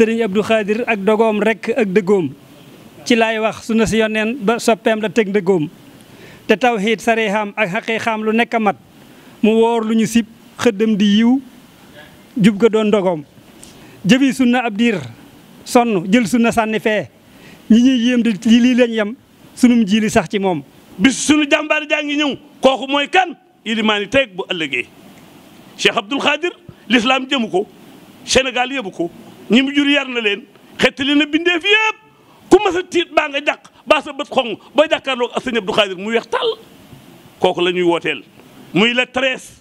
sëriñ Abdou Khadir ak dogoom rekk ak dëggoom ci laay wax su na si yoneen ba soppeem la teg ndëggoom te tawxiid sareexaam ak xaqiixaam lu nekk a mat mu woor lu ñu sib xëddam di yiw jub ga doon dogoom jëfi sunna ab sonn jël sunna sànni fee ñi ñuy yéem di lii lañ yem sunum jiili sax ci moom bis sunu jàmbaar jaa ngi ñëw kooku mooy kan ilimaani teeg bu ëllëgee Cheikh Abdoul Khadir l'islam jëmu ko Sénégal yëbu ko ñi mu jur yar na leen xettali na bindeef yëpp ku mas tiit baa nga jàq baa sa bët xong ba jàkkaarloog ak sëñ Abdou Khadir mu weex tàll kooku la ñuy wooteel muy la treize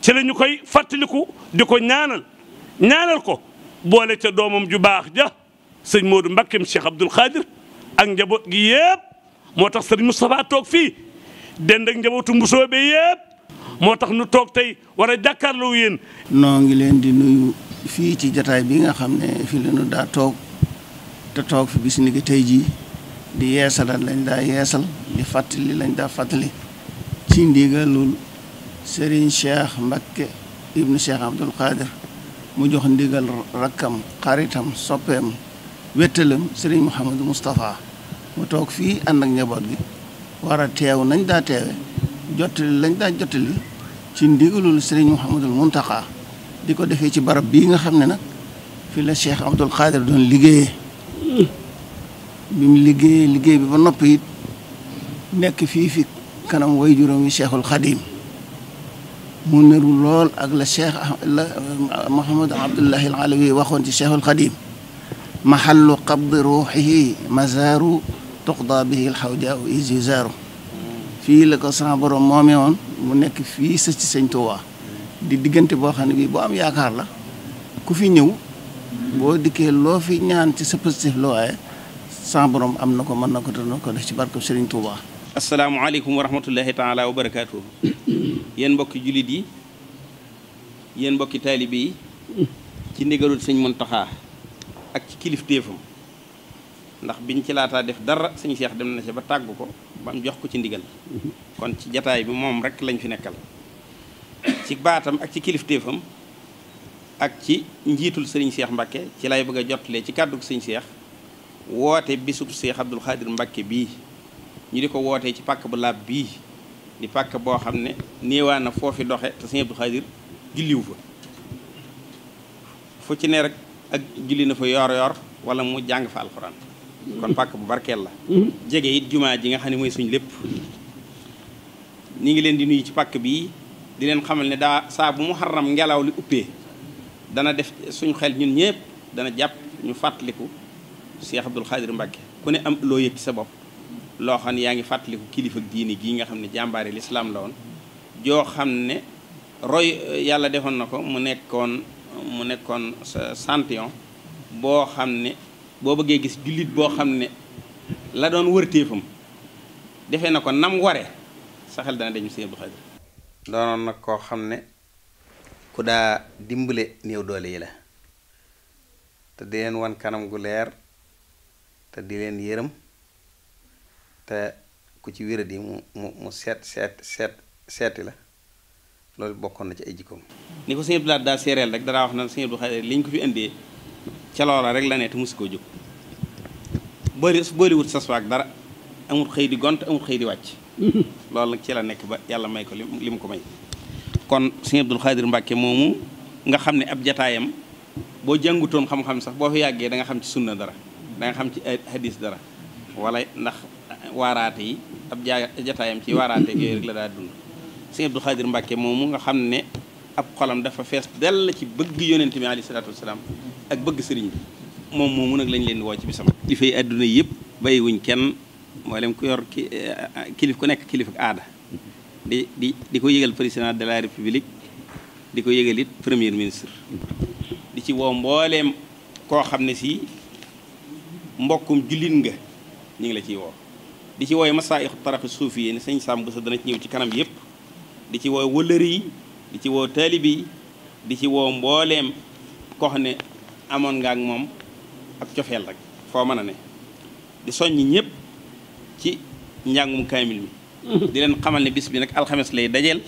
ci la koy fàttaliku di ko ñaanal ñaanal ko boole ca doomam ju baax ja sëñ Modou Mbakkeem Cheikh Abdoul Khadir ak njaboot gi yëpp moo tax sëñ Moustapha toog fii dend ak njabootu mbusoobe yëpp moo tax nu toog tey war a jàkkaarloo yéen. noo ngi leen di nuyu. fii ci jataay bi nga xam ne fi daa toog te toog fi bis ni tey jii di yeesalal lañ daa yeesal di fàttali lañ daa fàttali ci ndigalul Serigne Cheikh Mbacké ibnu Cheikh Abdoul Khadir mu jox ndigal rakkam xaritam soppeem wettalam Serigne Mouhamadou Moustapha mu toog fii ànd ak njaboot gi war teew nañ daa teewe jottali lañ daa jottali ci ndigalul Serigne Mouhamadul Mountakha di ko defee ci barab bii nga xam ne nag fi la Cheikh Abdoul Khadir doon liggéeyee bi mu liggéeyee liggéey bi ba noppi it nekk fii fi kanam way juróom yi Cheikhul Khadim mu nëru lool ak la Cheikh la euh, Mouhamad Abdullahi Alawi waxoon ci Cheikhul Khadim mahallu qabdi ruuxihi mazaaru tuqda bihi alxawjaa izizaaru fii la ko sama borom moomee nekk fii sa ci sëñ Tuubaa di diggante boo xam ne bii boo am yaakaar la ku fi ñëw boo dikkee loo fi ñaan ci sa positif la waaye sans borom am na ko mën na ko dana def ci barke Serigne Touba. asalaamualeykum wa rahmatullahi taala wa barakaatu. yéen mbokki jullit yi yéen mbokki taalibe yi ci ndigalul sëñ Muntaxa ak ci kilifteefam ndax biñ ci laataa def dara sëñ Cheikh dem na ci ba tàgg ko ba jox ko ci ndigal kon ci jataay bi moom rek lañ fi nekkal. ci baatam ak ci kilifteefam ak ci njiitul sëriñ Cheikh Mbakke ci lay bëgg a jotalee ci kàddug sëriñ Cheikh woote bisub Cheikh Abdoul Khadir Mbakke bii ñu di ko wootee ci pàkk bu laab bii di pàkk boo xam ne néewaa na foofi doxe te sëriñ Abdoul Khadir julliwu fa fu ci ne rek ak julli na fa yor yor wala mu jàng fa alxuraan kon pàkk bu barkeel la mm-hmm. jege it jumaa ji nga xam ne mooy suñ lépp ñu ngi leen di nuyu ci pàkk bii di leen xamal ne daa saa bu mu xaram ngelaw li uppee dana def suñu xel ñun ñëpp dana jàpp ñu fàttaliku Cheikh Abdoul Khadir Mbacke ku ne am loo yëg sa bopp loo xam ne yaa ngi fàttaliku kilifa diini gii nga xam ne jàmbaari lislaam la woon joo xam ne roy yàlla defoon na ko mu nekkoon mu nekkoon sa santion boo xam ne boo bëggee gis jullit boo xam ne la doon wërteefam defe na ko nam ware sa xel dana dañu Cheikh Abdoul Khadir doonoon nag koo xam ne ku daa dimbale néew doole yi la te di leen wan kanam gu leer te di leen yërëm te ku ci wéradi mu mu mu seet seet seet seeti la loolu bokkoon na ci ay jikkoom ni ko sëñ Abdou Lahad daa séeréel rek danaa wax na sëñ Abdou Khadre liñ ko fi indee ca loola rek la ne te musu koo jóg bëri bëri wut sas waag dara amul xëy di gont amul xëy di wàcc loolu nag ci la nekk ba yàlla may ko li li mu ko may kon sëñ Abdul Xaadir Mbàkke moomu nga xam ne ab jataayam boo jàngutoon xam-xam sax boo fi yàggee danga xam ci sunna dara da xam ci hadis dara wala ndax waaraate yi ab jaa jataayam ci waaraate yooyu rek la daa dund sëñ Abdul Xaadir Mbàkke moomu nga xam ne ab xolam dafa fees dell ci bëgg yonent bi alayhi salaatu wasalaam ak bëgg sëriñ bi moom moomu nag lañ leen di woo ci bisam di fay àdduna yëpp bàyyiwuñ kenn mboolem ku yor ki eh, kilif ku nekk kilif ak aada di di di ko yégal président de la république di ko yëgal it première ministre di ci woo mbooleem koo xam ne si mbokkum jullit nga ñu ngi la ciy woo di ci wooy masaaixu taraxi suufi yi ne sëñ Sam sa dana ci ñëw ci kanam yëpp di ci woo wëllëri yi di ci woo taalibi yi di ci woo mbooleem koo xam ne amoon nga ak moom ak cofeel rek foo mën a ne di soññ ñëpp ci njàngum kaamil mi di leen xamal ne bis bi nag alxames lay dajeel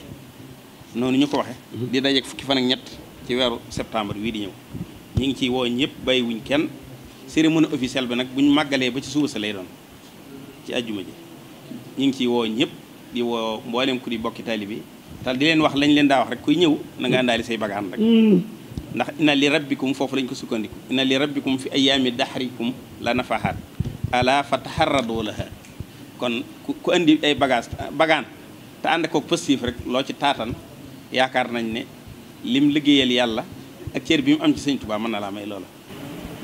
noonu ñu ko waxe mm-hmm. di dajeek fukki fan ak ñett ci weeru septembre wii di ñëw ñu ngi ciy woo ñëpp bàyyi wuñ kenn cérémonie officielle bi nag bu ñu màggalee ba ci suba sa lay doon ci ajjuma ji ñu ngi ciy woo ñëpp di woo mboolem ku di bokki tali bi te di leen wax lañ leen daa wax rek kuy ñëw na nga àndaali say bagaan rek mm-hmm. ndax inna li rabbikum foofu lañ ko sukkandiku inna li rabbikum fi ayaami daxrikum la nafahaat ala fa taharradu laha kon ku indi ay bagage bagaan te ànd kook positif rek loo ci taatan yaakaar nañ ne lim liggéeyal yàlla ak cër bi mu am ci sëñ Tuubaa mën na laa may loola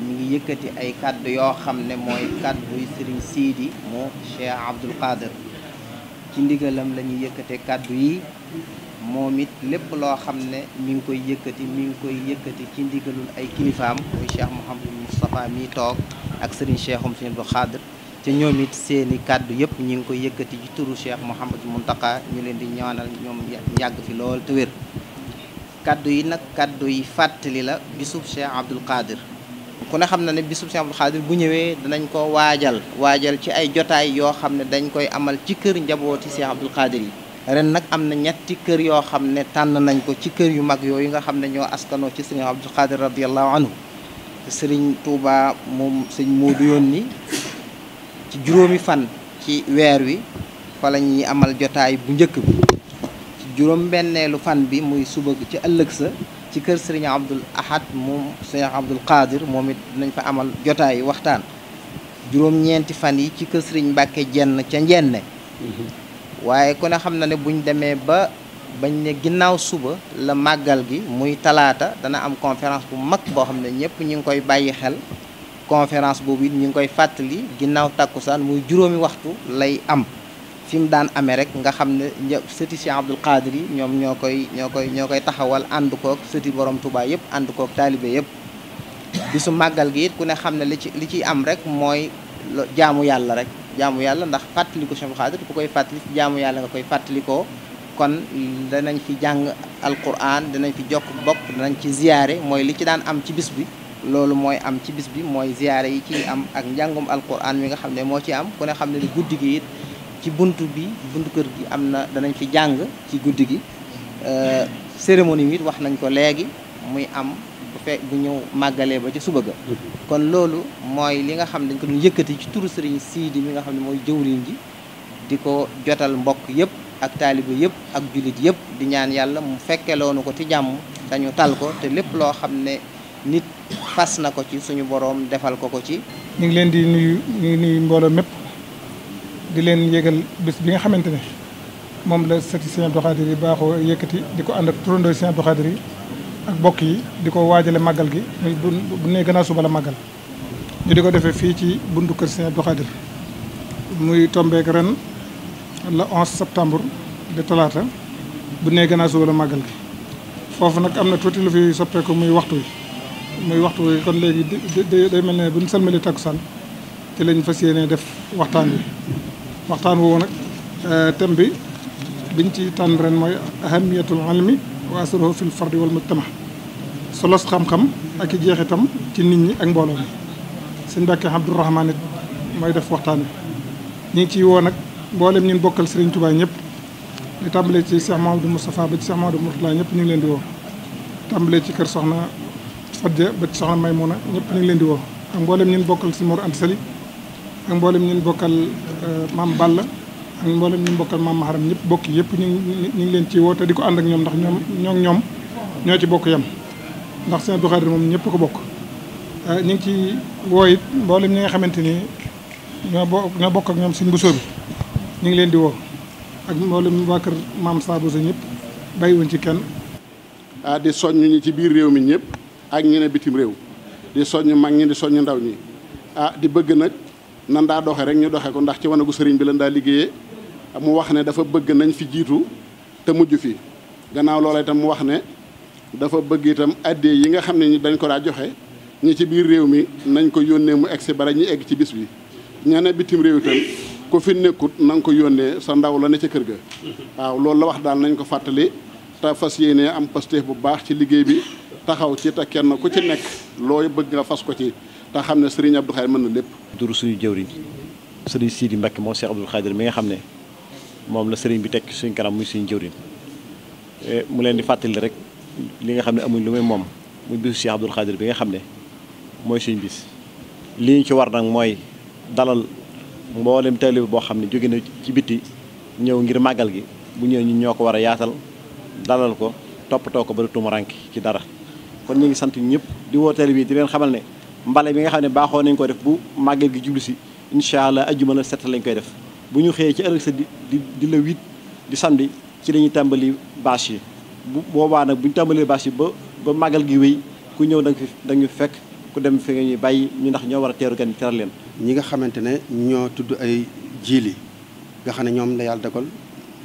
mu ngi yëkkati ay kàddu yoo xam ne mooy kàdduy sëriñ Siidi mu Cheikh Abdoul Qadir ci ndigalam la ñuy kàddu yi moom it lépp loo xam ne mi ngi koy yëkkati mi ngi koy yëkkati ci ndigalul ay kilifaam muy Cheikh Mouhamadou Moustapha mi toog ak sëriñ Cheikh um Abdoul Qadir ca ñoom it seeni kàddu yëpp ñu ngi koy yëkkati ci turu Cheikh Mouhamadou Mountakha ñu leen di ñaanal ñoom yàgg fi lool te wér kàddu yi nag kàddu yi fàttali la bisub Cheikh Abdoul Khadir ku ne xam na ne bisub Cheikh Abdoul Khadir bu ñëwee danañ ko waajal waajal ci ay jotaay yoo xam ne dañ koy amal ci kër njabooti Cheikh Abdoul Khadir yi ren nag am na ñetti kër yoo xam ne tànn nañ ko ci kër yu mag yooyu nga xam ne ñoo askanoo ci Serigne Abdoul Khadir radiyallahu anhu Serigne tuuba moom sëñ yoon yónni ci juróomi fan ci weer wi fa la amal jotaay bu njëkk bi ci juróom benneelu fan bi muy suba ci ëllëg sa ci kër sëriñ Abdul Ahad moom sëriñ Abdul Qadir moom it dinañ fa amal jotaay waxtaan juróom ñeenti fan yi ci kër sëriñ Mbàkke jenn ca njenne waaye ku ne xam na ne buñ demee ba bañ ne ginnaaw suba la màggal gi muy talaata dana am conférence bu mag boo xam ne ñëpp ñu ngi koy bàyyi xel conférence boobu it ñu ngi koy fàttali ginnaaw tàkkusaan muy juróomi waxtu lay am fi mu daan amee rek nga xam ne një sëti Cheikh Abdoul Qadir yi ñoom ñoo koy ñoo koy ñoo koy taxawal ànd kook sëti borom tubaay yëpp ànd kook taalibe yëpp bisu màggal gi it ku ne xam ne li ci li ciy am rek mooy jaamu yàlla rek jaamu yàlla ndax fàttaliku Cheikh Abdoul Qadir ku koy fàttali ci yàlla nga koy fàttalikoo kon danañ fi jàng alquran danañ fi jokk bokk danañ ci ziyaare mooy li ci daan am ci bis bi loolu mooy am ci bis bi mooy ziyaare yi ci am ak njàngum alquran mi nga xam ne moo ci am ku ne xam ne ni guddi gi ci buntu bi buntu kër gi am na danañ fi jàng ci guddi gi euh, cérémonie bi it wax nañ ko léegi muy am bu bu ñëw màggalee ba ci suba ga kon loolu mooy li nga xam dañ ko doon yëkkati ci turu sëriñ Siidi mi nga xam ne mooy jëwriñ ji di ko jotal mbokk yëpp ak taalibe yëpp ak jullit yëpp di ñaan yàlla mu fekkeloonu ko ci jàmm dañu tal ko te lépp loo xam ne nit fas na ko ci suñu boroom defal ko ko ci. ñu ngi leen di nuyu ñu ngi nuyu mbooloo mépp di leen yégal bis bi nga xamante ne moom la sëti Sëñ Abdou Khadre yi baaxoo yëkkati di ko ànd ak turandoo Sëñ Abdou Khadre yi ak bokk yi di ko waajale màggal gi bu ne nee gannaaw suba la màggal. di ko defee fii ci buntu kër Sëñ Abdou Khadre muy tombeek ren la 11 septembre de talaata bu nee gannaaw suba la màggal gi foofu nag am na tuuti lu fi soppeeku muy waxtu wi. mooy waxtu kon léegi day mel na bu ñu salmali takkusaan ci lañ fas yéene def waxtaan wi waxtaan woowu nag eh, thème bi biñ ci tànn ren mooy ahamiyatul ilmi wa asruhu fil fardi wal mujtama solos xam-xam ak i jeexitam ci nit ñi ak mbooloo mi sëñ Mbàkke Abdourahman it mooy def waxtaan wi ñu ngi ciy woo nag mboolem ñun bokkal Serigne Touba ñëpp di tàmbalee ci Cheikh Mahamadou Moustapha ba ci Cheikh Mahamadou Mourtala ñëpp ñu ngi leen di woo tàmbalee ci kër soxna Fadja ba ci soxna Maymuna ñëpp ñu ngi leen di woo ak mboolem ñun bokkal si Mor am Sali ak mboolem ñun bokkal euh, maam Balla ak mboolem ñun bokkal maam Maharam ñëpp bokk yëpp ñu ñu ngi leen ci woo te ak ñoom ndax ñoom ñoo ñoom ñoo ci bokk yem ndax seen Abdou moom ñëpp ko bokk euh, ñu ngi ci woo it ñi nga xamante ni ñoo bokk bokk ak ñoom suñ busoo ñu ngi leen di woo ak mboolem waa kër maam Saabou sa ñëpp bàyyiwuñ ci kenn ah di soññ ci biir réew mi ñëpp ak ñene ne bitim réew di soññ mag ñi di soññ ndaw ñi ah di bëgg nag nan daa doxe rek ñu doxe ko ndax ci gu sëriñ bi lan daa liggéeyee mu wax ne dafa bëgg nañ fi jiitu te mujj fi gannaaw loola itam mu wax ne dafa bëgg itam addee yi nga xam ne ñi dañ ko daa joxe ñi ci biir réew mi nañ ko yónnee mu egg egsi bara ñi egg ci bis bi ña ne bitim réew itam ku fi nekkut na nga ko yónnee sa ndaw la ne ca kër ga waaw loolu la wax daal nañ ko fàttali te fas yéene am pasteef bu baax ci liggéey bi taxaw ci te kenn ku ci nekk looy bëgg nga fas ko ci te xam ne Serigne Abdou Khadir mën na lépp. duru suñu jëwriñ Serigne Sidi Mbacke moom Cheikh Abdou Khadir mi nga xam ne moom la Serigne bi tekki suñ kanam muy suñu jëwriñ e, mu leen di fàttali rek li nga xam ne amuñ lu muy moom mu bisu Cheikh Abdou Khadir bi nga xam ne mooy suñ bis. li ñu ci war nag mooy dalal mboolem taalibe boo xam ne jóge na ci biti ñëw ngir màggal gi bu ñëwee ñun ñoo ko war a yaatal dalal ko toppatoo ko ba du tuuma ci dara. kon ñu ngi sant ñëpp di wooteel bi di leen xamal ne mbale bi nga xam ne baaxoo nañ ko def bu màggal gi jublu si incha allah ajjuma la set lañ koy def bu ñu xëyee ci ëllëg sa di di la huit di samedi ci la ñuy tàmbali bâche yi bu boobaa nag bu ñu tàmbalee bâche yi ba ba màggal gi wéy ku ñëw da nga fi da ñu fekk ku dem fi nga ñuy bàyyi ñu ndax ñoo war a teeru gan yi teral leen. ñi nga xamante ne ñoo tudd ay jiili nga xam ne ñoom la yàlla dogal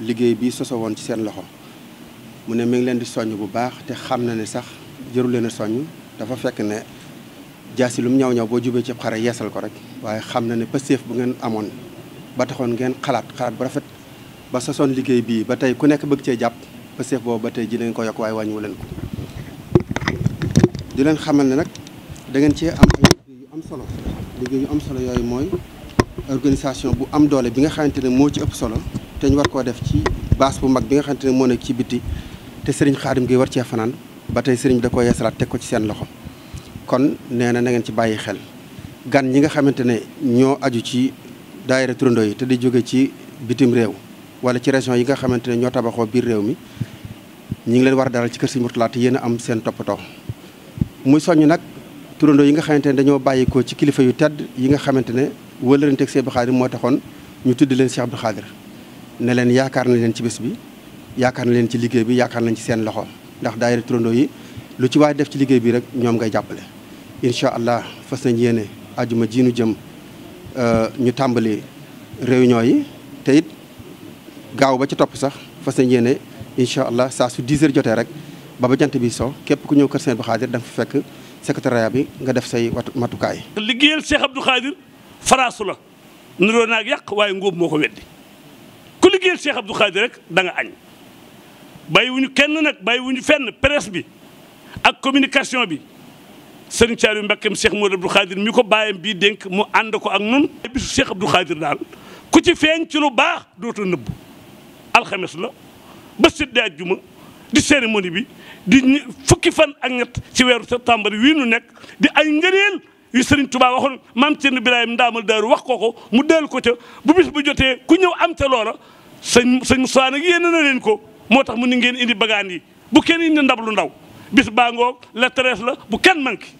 liggéey bi soso woon ci seen loxo mu ne mi ngi leen di soññ bu baax te xam na ne sax jërul leen a soññ dafa fekk ne jaasi lu mu ñaw ñaw boo jubee ci xare yeesal ko rek waaye xam na ne pëseef bu ngeen amoon ba taxoon ngeen xalaat xalaat bu rafet ba sosoon liggéey bii ba tey ku nekk bëgg cee jàpp pëseef boobu ba tey ji leen ko yokk waaye wàññiwu leen ko di leen xamal ne nag da ngeen cee am ay liggéey am solo liggéey yu am solo yooyu mooy organisation bu am doole bi nga xamante ne moo ci ëpp solo te ñu war koo def ci base bu mag bi nga xamante ne moo nekk ci bitti te Serigne Khadim Gueye war cee fanaan ba tey sëriñ bi da ko yeesalaat teg ko ci seen loxo kon nee na na ci bàyyi xel gan ñi nga xamante ne ñoo aju ci daayira turandoo yi te di jóge ci bitim réew wala ci région yi nga xamante ne ñoo tabaxoo biir réew mi ñi ngi leen war a dalal ci kër Sëriñ Murtala te yéen a am seen toppatoo muy soññ nag turandoo yi nga xamante ne dañoo bàyyikoo ci kilifa yu tedd yi nga xamante ne wëlërante ak Cheikh Abdou Khadir moo taxoon ñu tudd leen Cheikh Abdou Khadir ne leen yaakaar na leen ci bés bi yaakaar na leen ci liggéey bi yaakaar nañ ci seen loxo ndax daayira turandoo yi lu ci waaye def ci liggéey bii rek ñoom ngay jàppale incha allah fas nañ yéene ajuma jiinu jëm euh, ñu tàmbali réunion yi te gaaw ba ci topp sax fas nañ yéene incha allah saa su 10 jotee rek ba ba jant bi so képp ku ñëw kër seen bu Khadir da nga fekk secrétariat bi nga def say watu matukaay. liggéeyal Cheikh Abdou Khadir faraasu la niroo naag yàq waaye ngóob moo ko weddi ku liggéeyal Cheikh Abdou Khadir rek da añ. bàyyiwuñu kenn nag bàyyiwuñu fenn presse bi ak communication bi sëriñ yu Mbacké Cheikh Modou Abdou Khadir mi ko bàyyam bii dénk mu ànd ko ak nun bisu Cheikh Abdou Khadir daal ku ci feeñ ci lu baax dootoo nëbb alxames la ba séddee àjjuma di cérémonie bi di fukki fan ak ñett ci weeru septembre wii nu nekk di ay ngëneel yu Serigne Touba waxoon maam Thierno Birahim Ndaamal Daaru wax ko ko mu del ko ca bu bis bu jotee ku ñëw am ca loola sëñ sëñ Moussa nag yéene leen ko moo tax mu ni ngeen indi bagaan yi bu kenn indi ndab lu ndaw bis baa ngoog la treize la bu kenn manqué